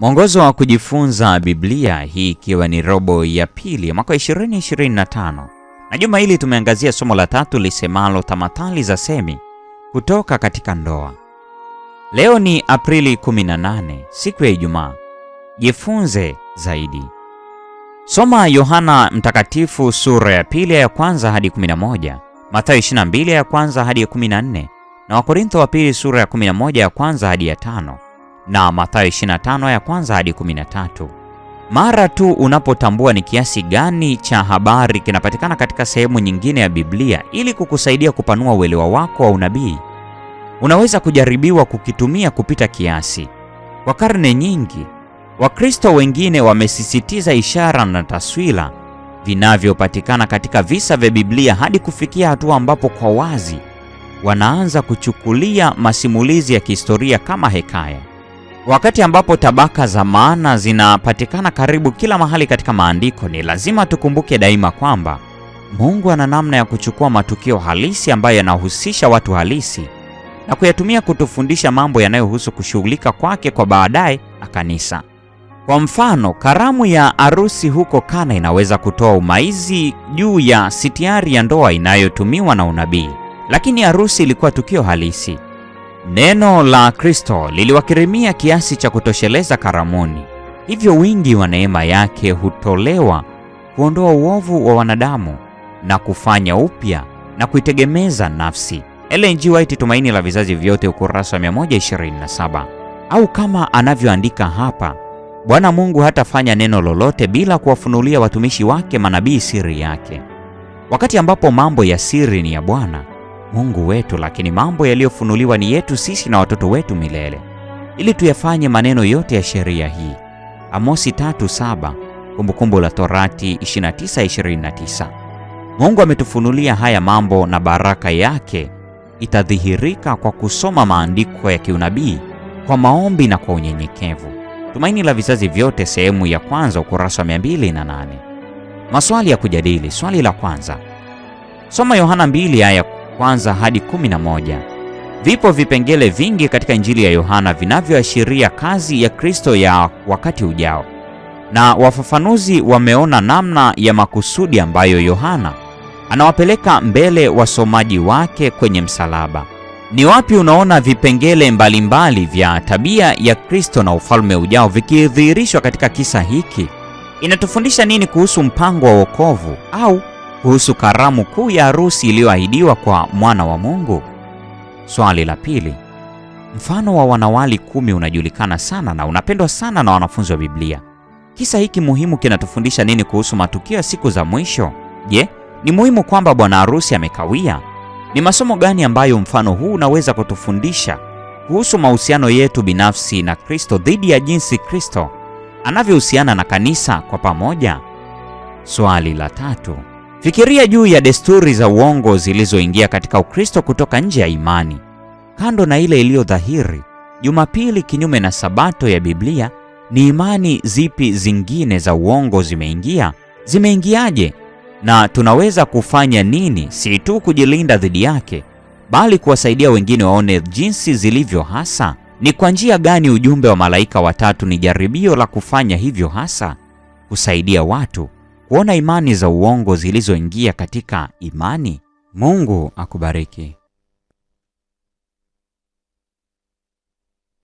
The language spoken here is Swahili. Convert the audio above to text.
Mwongozo wa kujifunza Biblia, hii ikiwa ni robo ya pili ya mwaka 2025, na juma hili tumeangazia somo la tatu lisemalo tamathali za semi kutoka katika ndoa. Leo ni Aprili 18, siku ya Ijumaa. Jifunze zaidi. Soma Yohana Mtakatifu sura ya pili ya kwanza hadi 11, Mathayo 22 ya kwanza hadi 14, na Wakorintho wa pili sura ya 11 ya kwanza hadi ya tano na Mathayo 25 ya kwanza hadi 13. Mara tu unapotambua ni kiasi gani cha habari kinapatikana katika sehemu nyingine ya Biblia ili kukusaidia kupanua uelewa wako wa unabii, unaweza kujaribiwa kukitumia kupita kiasi. Kwa karne nyingi, Wakristo wengine wamesisitiza ishara na taswira vinavyopatikana katika visa vya Biblia hadi kufikia hatua ambapo kwa wazi wanaanza kuchukulia masimulizi ya kihistoria kama hekaya. Wakati ambapo tabaka za maana zinapatikana karibu kila mahali katika maandiko, ni lazima tukumbuke daima kwamba Mungu ana namna ya kuchukua matukio halisi ambayo yanahusisha watu halisi na kuyatumia kutufundisha mambo yanayohusu kushughulika kwake kwa baadaye na kanisa. Kwa mfano, karamu ya arusi huko Kana inaweza kutoa umaizi juu ya sitiari ya ndoa inayotumiwa na unabii, lakini arusi ilikuwa tukio halisi. Neno la Kristo liliwakirimia kiasi cha kutosheleza karamuni, hivyo wingi wa neema yake hutolewa kuondoa uovu wa wanadamu na kufanya upya na kuitegemeza nafsi. Ellen G. White, Tumaini la Vizazi Vyote, ukurasa 127. Au kama anavyoandika hapa, Bwana Mungu hatafanya neno lolote bila kuwafunulia watumishi wake manabii siri yake. Wakati ambapo mambo ya siri ni ya Bwana, Mungu wetu, lakini mambo yaliyofunuliwa ni yetu sisi na watoto wetu milele, ili tuyafanye maneno yote ya sheria hii. Amosi 3:7, Kumbukumbu la Torati 29:29. Mungu ametufunulia haya mambo na baraka yake itadhihirika kwa kusoma maandiko ya kiunabii, kwa maombi na kwa unyenyekevu. Tumaini la Vizazi Vyote, sehemu ya kwanza, ukurasa wa 208. Maswali ya kujadili. Swali la kwanza: soma Yohana 2 aya kwanza hadi 11. Vipo vipengele vingi katika Injili ya Yohana vinavyoashiria kazi ya Kristo ya wakati ujao, na wafafanuzi wameona namna ya makusudi ambayo Yohana anawapeleka mbele wasomaji wake kwenye msalaba. Ni wapi unaona vipengele mbalimbali vya tabia ya Kristo na ufalme ujao vikidhihirishwa katika kisa hiki? Inatufundisha nini kuhusu mpango wa wokovu au kuhusu karamu kuu ya harusi iliyoahidiwa kwa mwana wa Mungu? Swali la pili, mfano wa wanawali kumi unajulikana sana na unapendwa sana na wanafunzi wa Biblia. Kisa hiki muhimu kinatufundisha nini kuhusu matukio ya siku za mwisho? Je, ni muhimu kwamba bwana harusi amekawia? Ni masomo gani ambayo mfano huu unaweza kutufundisha kuhusu mahusiano yetu binafsi na Kristo dhidi ya jinsi Kristo anavyohusiana na kanisa kwa pamoja? Swali la tatu Fikiria juu ya desturi za uongo zilizoingia katika Ukristo kutoka nje ya imani. Kando na ile iliyo dhahiri, Jumapili kinyume na Sabato ya Biblia, ni imani zipi zingine za uongo zimeingia? Zimeingiaje? Na tunaweza kufanya nini si tu kujilinda dhidi yake, bali kuwasaidia wengine waone jinsi zilivyo hasa? Ni kwa njia gani ujumbe wa malaika watatu ni jaribio la kufanya hivyo hasa? Kusaidia watu kuona imani za uongo zilizoingia katika imani. Mungu akubariki.